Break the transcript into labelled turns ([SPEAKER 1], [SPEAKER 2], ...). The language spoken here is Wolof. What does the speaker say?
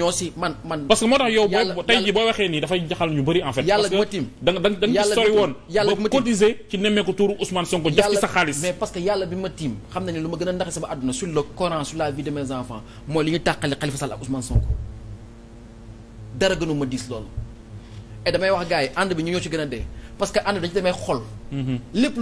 [SPEAKER 1] ñoo si man man. parce que moo tax yow boo tey boo waxee nii dafay jaxal ñu bëri en fait. yàlla ma tiim da nga da nga ci sori woon. yàlla bi ma tiim ci nemmeeku tuuru Ousmane Sonko. def
[SPEAKER 2] xam na ne lu ma gën a ndax sama àdduna sur le Coran sur la vie de mes enfants mooy li ñu tàqale Khalifa ak Ousmane Sonko dara gënu ma diis loolu. et damay wax gars yi ànd bi ñoo ci gën a dee
[SPEAKER 3] parce que ànd dañu demee xol. Mm-hmm. lépp